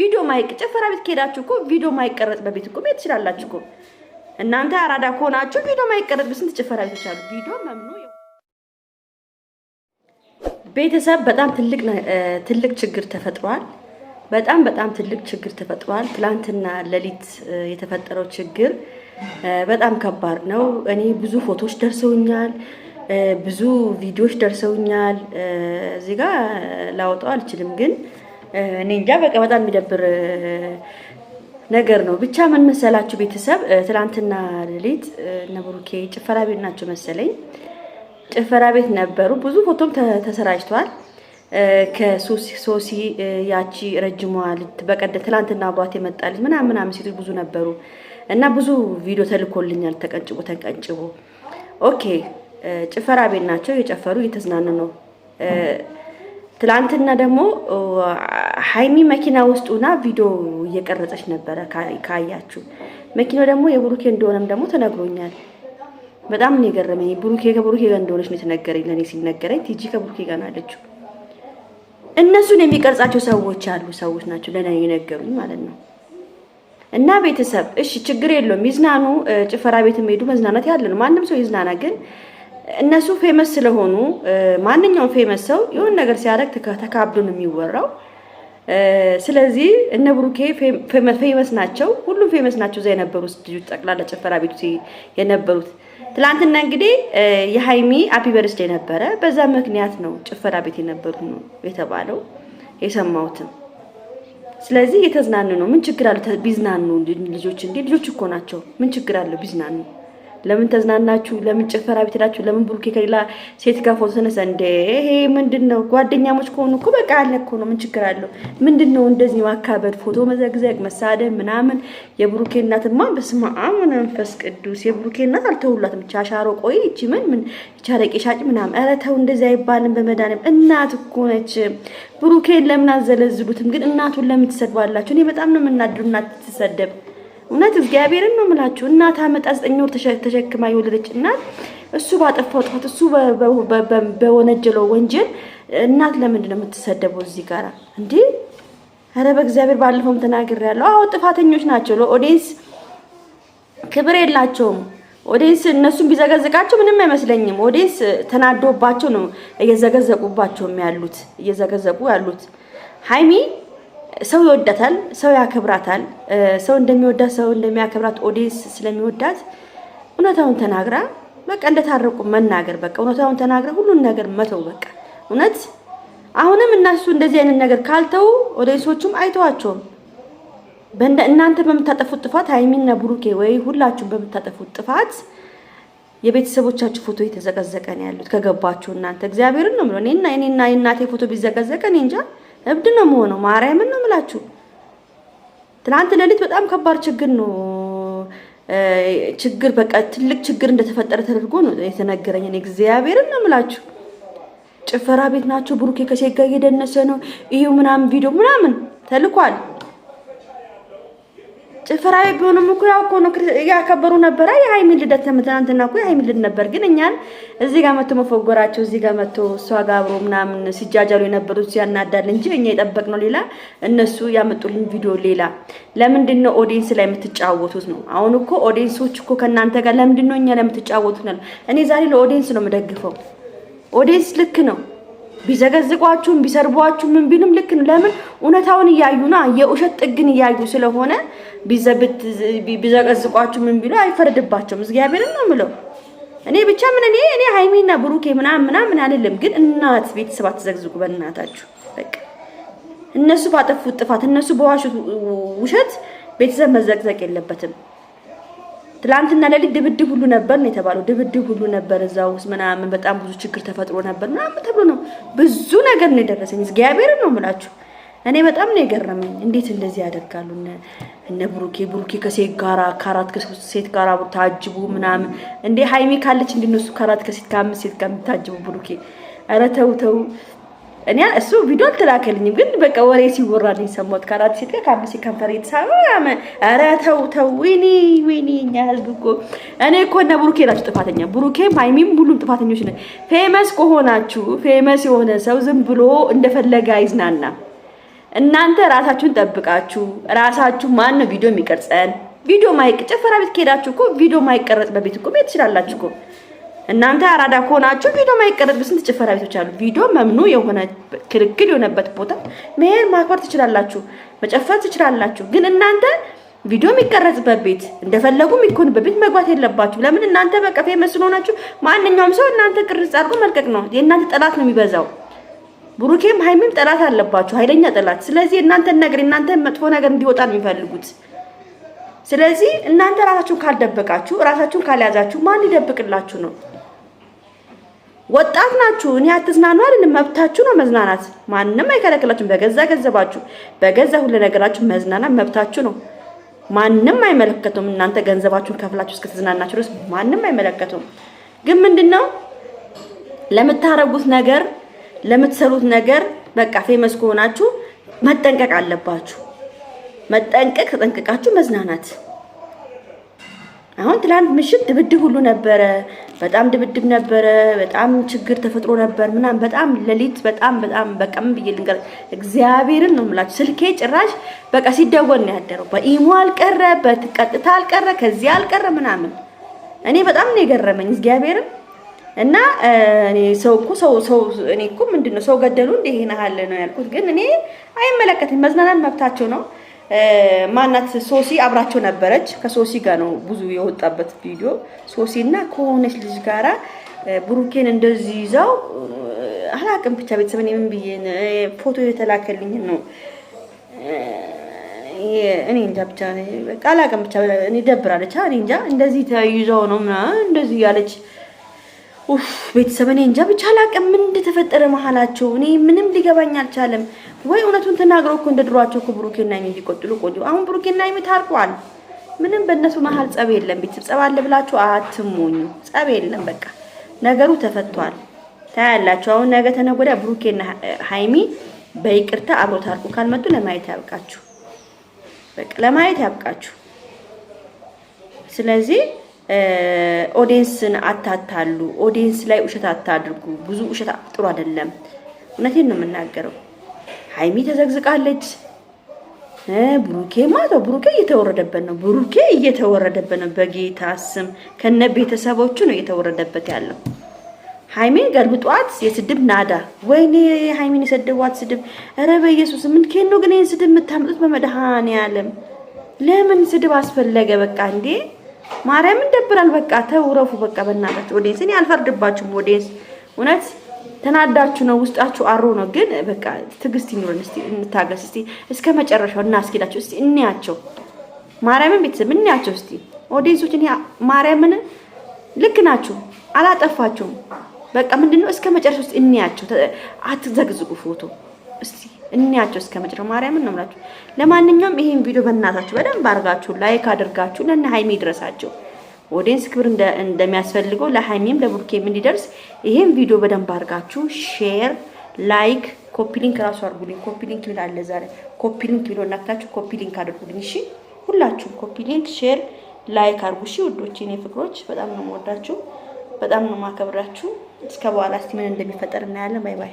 ቪዲዮ ማይቅ ጭፈራ ቤት ከሄዳችሁ እኮ ቪዲዮ ማይቀረጽ በቤት እኮ መሄድ ትችላላችሁ እኮ። እናንተ አራዳ ከሆናችሁ ቪዲዮ ማይቀረጥ በስንት ጭፈራ ቤቶች አሉ። ቪዲዮ መምኑ ቤተሰብ በጣም ትልቅ ትልቅ ችግር ተፈጥሯል። በጣም በጣም ትልቅ ችግር ተፈጥሯል። ትላንትና ሌሊት የተፈጠረው ችግር በጣም ከባድ ነው። እኔ ብዙ ፎቶዎች ደርሰውኛል፣ ብዙ ቪዲዮዎች ደርሰውኛል። እዚህ ጋር ላወጣው አልችልም ግን እኔ እንጃ በቃ በጣም የሚደብር ነገር ነው። ብቻ ምን መሰላችሁ ቤተሰብ፣ ትላንትና ሌሊት እነ ብሩኬ ጭፈራ ቤት ናቸው መሰለኝ ጭፈራ ቤት ነበሩ። ብዙ ፎቶም ተሰራጭቷል። ከሶሲ ያቺ ረጅሟ ልት በቀደም ትላንትና አቧት የመጣልች ምናምን ምናምን ሴቶች ብዙ ነበሩ እና ብዙ ቪዲዮ ተልኮልኛል። ተቀንጭቦ ተቀንጭቦ ኦኬ፣ ጭፈራ ቤት ናቸው የጨፈሩ እየተዝናኑ ነው። ትላንትና ደግሞ ሀይሚ መኪና ውስጥ ሆና ቪዲዮ እየቀረጸች ነበረ። ካያችሁ መኪናው ደግሞ የብሩኬ እንደሆነም ደግሞ ተነግሮኛል። በጣም ነው የገረመኝ። ብሩኬ ከብሩኬ ጋር እንደሆነች ነው የተነገረኝ። ለእኔ ሲነገረኝ ቲጂ ከብሩኬ ጋር ናለችው። እነሱን የሚቀርጻቸው ሰዎች አሉ ሰዎች ናቸው ለእኔ የነገሩኝ ማለት ነው። እና ቤተሰብ እሺ፣ ችግር የለውም ይዝናኑ። ጭፈራ ቤት የሚሄዱ መዝናናት ያለ ነው። ማንም ሰው ይዝናና። ግን እነሱ ፌመስ ስለሆኑ ማንኛውም ፌመስ ሰው የሆን ነገር ሲያደርግ ተካብዶ ነው የሚወራው። ስለዚህ እነ ብሩኬ ፌመስ ናቸው፣ ሁሉም ፌመስ ናቸው። እዛ የነበሩት ልጆች ጠቅላላ ጭፈራ ቤቱ የነበሩት ትላንትና እንግዲህ የሀይሚ አፒ በርስዴ ነበረ። በዛ ምክንያት ነው ጭፈራ ቤት የነበሩት ነው የተባለው የሰማሁትም። ስለዚህ የተዝናኑ ነው ምን ችግር አለው ቢዝናኑ? ልጆች እንዴ ልጆች እኮ ናቸው ምን ችግር አለው ቢዝናኑ? ለምን ተዝናናችሁ? ለምን ጭፈራ ቤት ሄዳችሁ? ለምን ብሩኬ ከሌላ ሴት ጋር ፎቶ ተነሳ? እንደ ይሄ ምንድን ነው? ጓደኛሞች ከሆኑ እኮ በቃ አለ እኮ ነው። ምን ችግር አለው? ምንድን ነው እንደዚህ ማካበድ፣ ፎቶ መዘግዘግ፣ መሳደብ ምናምን? የብሩኬ እናትማ በስመ አብ መንፈስ ቅዱስ የብሩኬ እናት አልተውላትም። ቻሻሮ ቆይ እቺ ምን ምን ቻረቄ ሻጭ ምናምን። ኧረ ተው እንደዚህ አይባልም። በመድኃኒዓለም እናት እኮ ነች። ብሩኬን ለምን አዘለዝሉትም? ግን እናቱን ለምን ትሰድባላችሁ? እኔ በጣም ነው የምናድሩ እናት ትሰደብ እውነት እግዚአብሔርን ነው የምላችሁ። እናት አመጣ ዘጠኝ ወር ተሸክማ የወለደች እናት እሱ ባጠፋው ጥፋት እሱ በወነጀለው ወንጀል እናት ለምንድን ነው የምትሰደበው? እዚህ ጋራ እንዴ! ኧረ በእግዚአብሔር ባለፈውም ተናግሬያለሁ። አዎ ጥፋተኞች ናቸው። ለኦዲየንስ ክብር የላቸውም። ኦዲንስ እነሱን ቢዘገዝቃቸው ምንም አይመስለኝም። ኦዴንስ ተናዶባቸው ነው እየዘገዘቁባቸውም ያሉት እየዘገዘቁ ያሉት ሀይሚ ሰው ይወዳታል፣ ሰው ያከብራታል። ሰው እንደሚወዳት ሰው እንደሚያከብራት ኦዲንስ ስለሚወዳት እውነታውን ተናግራ በቃ እንደታረቁ መናገር በቃ እውነታውን ተናግራ ሁሉን ነገር መተው በቃ እውነት አሁንም እነሱ እንደዚህ አይነት ነገር ካልተው ኦዲንሶቹም አይተዋቸውም። እናንተ በምታጠፉት ጥፋት ሀይሚና ብሩኬ ወይ ሁላችሁም በምታጠፉት ጥፋት የቤተሰቦቻችሁ ፎቶ የተዘቀዘቀ ነው ያሉት ከገባችሁ እናንተ እግዚአብሔርን ነው የምለው እኔና የእናቴ ፎቶ ቢዘቀዘቀ እኔ እንጃ እብድ ነው መሆነው። ማርያምን ነው የምላችሁ። ትናንት ሌሊት በጣም ከባድ ችግር ነው ችግር በቃ ትልቅ ችግር እንደተፈጠረ ተደርጎ ነው የተነገረኝ። እኔ እግዚአብሔርን ነው የምላችሁ። ጭፈራ ቤት ናቸው። ብሩኬ ከሴት ጋር እየደነሰ ነው። ይሄው ምናምን ቪዲዮ ምናምን ተልኳል። ጭፈራዊ ቢሆንም እኮ ያው እኮ ነው ያከበሩ ነበረ። የሀይሚ ልደት ትናንትና እኮ የሀይሚ ልደት ነበር፣ ግን እኛን እዚህ ጋር መቶ መፎጎራቸው እዚህ ጋር መቶ እሷ ጋር አብሮ ምናምን ሲጃጃሉ የነበሩት ያናዳል እንጂ እኛ የጠበቅነው ሌላ፣ እነሱ ያመጡልን ቪዲዮ ሌላ። ለምንድን ነው ኦዲየንስ ላይ የምትጫወቱት ነው? አሁን እኮ ኦዲየንሶች እኮ ከእናንተ ጋር ለምንድን ነው እኛ ላይ የምትጫወቱት ነው? እኔ ዛሬ ለኦዲየንስ ነው የምደግፈው። ኦዲየንስ ልክ ነው ቢዘገዝቋችሁም ቢሰርቧችሁም ምን ቢሉም ልክ ለምን እውነታውን እያዩና የውሸት ጥግን እያዩ ስለሆነ ቢዘገዝቋችሁ ምን ቢሉ አይፈርድባቸውም። እግዚአብሔርን ነው የምለው። እኔ ብቻ ምን እኔ እኔ ሃይሜና ብሩኬ ምናምን ምናምን አልልም፣ ግን እናት ቤተሰብ አትዘግዝቁ በእናታችሁ። በቃ እነሱ ባጠፉት ጥፋት እነሱ በዋሹት ውሸት ቤተሰብ መዘግዘቅ የለበትም። ትላንትና ለሊት ድብድብ ሁሉ ነበር ነው የተባለው። ድብድብ ሁሉ ነበር እዛ ውስጥ ምናምን በጣም ብዙ ችግር ተፈጥሮ ነበር ምናምን ተብሎ ነው ብዙ ነገር ነው የደረሰኝ። እግዚአብሔር ነው የምላችሁ። እኔ በጣም ነው የገረመኝ። እንዴት እንደዚህ ያደርጋሉ እነ ብሩኬ ብሩኬ ከሴት ጋራ ከአራት ከሶስት ሴት ጋራ ታጅቡ ምናምን እንዴ! ሀይሚ ካለች እንዲነሱ ከአራት ከሴት ከአምስት ሴት ጋር የምታጅቡ ብሩኬ ኧረ ተው ተው። እኔ እሱ ቪዲዮ አልተላከልኝም፣ ግን በቃ ወሬ ሲወራልኝ ሰማሁት። ከአራት ሴት ጋር ከአምስት ሴት ከንፈር የተሳበ ኧረ ተው ተው። ወይኔ ወይኔ፣ እኛ ህዝብ እኮ እኔ እኮ እና ብሩኬ ናችሁ ጥፋተኛ። ብሩኬም ሀይሚም ሁሉም ጥፋተኞች ነን። ፌመስ ከሆናችሁ ፌመስ የሆነ ሰው ዝም ብሎ እንደፈለገ አይዝናና። እናንተ ራሳችሁን ጠብቃችሁ ራሳችሁ። ማን ነው ቪዲዮ የሚቀርጸን? ቪዲዮ ማይቅ ጭፈራ ቤት ከሄዳችሁ እኮ ቪዲዮ ማይቀረጽ በቤት እኮ መሄድ ትችላላችሁ እኮ እናንተ አራዳ ከሆናችሁ ቪዲዮ ማይቀረጥ ስንት ጭፈራ ቤቶች አሉ። ቪዲዮ መምኑ የሆነ ክልክል የሆነበት ቦታ መሄድ ማክበር ትችላላችሁ፣ መጨፈር ትችላላችሁ። ግን እናንተ ቪዲዮ የሚቀረጽበት ቤት እንደፈለጉ የሚኮንበት ቤት መግባት የለባችሁ። ለምን እናንተ በቀፌ መስሎ ሆናችሁ ማንኛውም ሰው እናንተ ቅርጽ አድርጎ መልቀቅ ነው። የእናንተ ጠላት ነው የሚበዛው። ብሩኬም ሀይሚም ጠላት አለባችሁ፣ ኃይለኛ ጠላት። ስለዚህ እናንተን ነገር የእናንተን መጥፎ ነገር እንዲወጣ ነው የሚፈልጉት። ስለዚህ እናንተ ራሳችሁን ካልደበቃችሁ፣ ራሳችሁን ካልያዛችሁ ማን ሊደብቅላችሁ ነው? ወጣት ናችሁ። እኔ አትዝናኑ አይደል? መብታችሁ ነው መዝናናት። ማንም አይከለክላችሁም። በገዛ ገንዘባችሁ፣ በገዛ ሁሉ ነገራችሁ መዝናናት መብታችሁ ነው። ማንም አይመለከቱም። እናንተ ገንዘባችሁን ከፍላችሁ እስከተዝናናችሁ ድረስ ማንም አይመለከቱም። ግን ምንድነው ለምታረጉት ነገር ለምትሰሩት ነገር በቃ ፌመስ ከሆናችሁ መጠንቀቅ አለባችሁ። መጠንቀቅ ተጠንቅቃችሁ መዝናናት አሁን ትላንት ምሽት ድብድብ ሁሉ ነበረ። በጣም ድብድብ ነበረ። በጣም ችግር ተፈጥሮ ነበር ምናምን በጣም ሌሊት በጣም በጣም በቀም ብዬ ልንገር፣ እግዚአብሔርን ነው የምላችሁ። ስልኬ ጭራሽ በቃ ሲደወል ነው ያደረው። በኢሞ አልቀረ፣ በቀጥታ አልቀረ፣ ከዚያ አልቀረ ምናምን። እኔ በጣም ነው የገረመኝ እግዚአብሔርን እና እኔ ሰው እኮ ሰው ሰው እኔ እኮ ምንድን ነው ሰው ገደሉ እንደ ይሄን ያህል ነው ያልኩት፣ ግን እኔ አይመለከትም። መዝናናት መብታቸው ነው። ማናት ሶሲ አብራቸው ነበረች። ከሶሲ ጋር ነው ብዙ የወጣበት ቪዲዮ። ሶሲ እና ከሆነች ልጅ ጋራ ብሩኬን እንደዚህ ይዛው አላቅም። ብቻ ቤተሰብን ምን ብዬ ፎቶ የተላከልኝ ነው እኔ እንጃ ብቻ አላቅም። ብቻ እኔ ደብራለች። እኔ እንጃ እንደዚህ ተይዘው ነው ምናምን እንደዚህ ያለች ቤተሰብ እኔ እንጃ ብቻ አላውቅም፣ ምን እንደተፈጠረ መሀላቸው። እኔ ምንም ሊገባኝ አልቻለም። ወይ እውነቱን ተናግረው እኮ እንደ ድሯቸው እኮ ብሩኬና ይሚ ቢቆጥሉ አሁን ብሩኬና ይሚ ታርቋል። ምንም በእነሱ መሀል ጸብ የለም። ቤተሰብ ጸብ አለ ብላችሁ አትሞኙ። ጸብ የለም። በቃ ነገሩ ተፈቷል። ታያላችሁ። አሁን ነገ ተነገ ወዲያ ብሩኬና ሀይሚ በይቅርታ አብሮ ታርቁ። ካልመጡ ለማየት ያብቃችሁ። በቃ ለማየት ያብቃችሁ። ስለዚህ ኦዲየንስን አታታሉ። ኦዲየንስ ላይ ውሸት አታድርጉ። ብዙ ውሸት ጥሩ አይደለም። እውነቴን ነው የምናገረው። ሀይሚ ተዘግዝቃለች። ብሩኬ ማለት ብሩኬ እየተወረደበት ነው። ብሩኬ እየተወረደበት ነው። በጌታ ስም ከነ ቤተሰቦቹ ነው እየተወረደበት ያለው። ሀይሚን ገልብጧት የስድብ ናዳ። ወይኔ ሀይሚን የሰደቧት ስድብ! ኧረ በኢየሱስ ምን ከሄድ ግን ይህን ስድብ የምታምጡት? በመድኃኔዓለም ለምን ስድብ አስፈለገ? በቃ እንዴ ማርያም እንደብራል። በቃ ተውረፉ። በቃ በእናታችሁ ኦዲየንስ፣ እኔ አልፈርድባችሁም። ኦዲየንስ እውነት ተናዳችሁ ነው፣ ውስጣችሁ አሮ ነው። ግን በቃ ትግስት ይኑረን፣ እስቲ እንታገስ፣ እስቲ እስከ መጨረሻው እናስኪዳቸው፣ እስቲ እንያቸው። ማርያምን ቤተሰብ እንያቸው እስቲ። ኦዲንሶች እኔ ማርያምን ልክ ናችሁ፣ አላጠፋችሁም። በቃ ምንድነው እስከ መጨረሻው እስቲ እንያቸው። አትዘግዝቁ ፎቶ እስቲ እንያቸው እስከ መጨረሻ ማርያምን ነው የምላችሁ። ለማንኛውም ይሄን ቪዲዮ በእናታችሁ በደንብ አድርጋችሁ ላይክ አድርጋችሁ ለእነ ሀይሜ ይድረሳቸው። ኦዲየንስ ክብር እንደሚያስፈልገው ለሀይሜም ለቡርኬም እንዲደርስ ይሄን ቪዲዮ በደንብ አድርጋችሁ ሼር፣ ላይክ፣ ኮፒ ሊንክ ራሱ አድርጉልኝ። ኮፒ ሊንክ ይላል ለዛ ኮፒ ሊንክ ብሎ እናታችሁ ኮፒ ሊንክ አድርጉልኝ። እሺ ሁላችሁም ኮፒ ሊንክ፣ ሼር፣ ላይክ አድርጉ። እሺ ውዶቼ፣ እኔ ፍቅሮች በጣም ነው የምወዳችሁ፣ በጣም ነው የማከብራችሁ። እስከ በኋላ እስቲ ምን እንደሚፈጠር እናያለን። ባይ ባይ።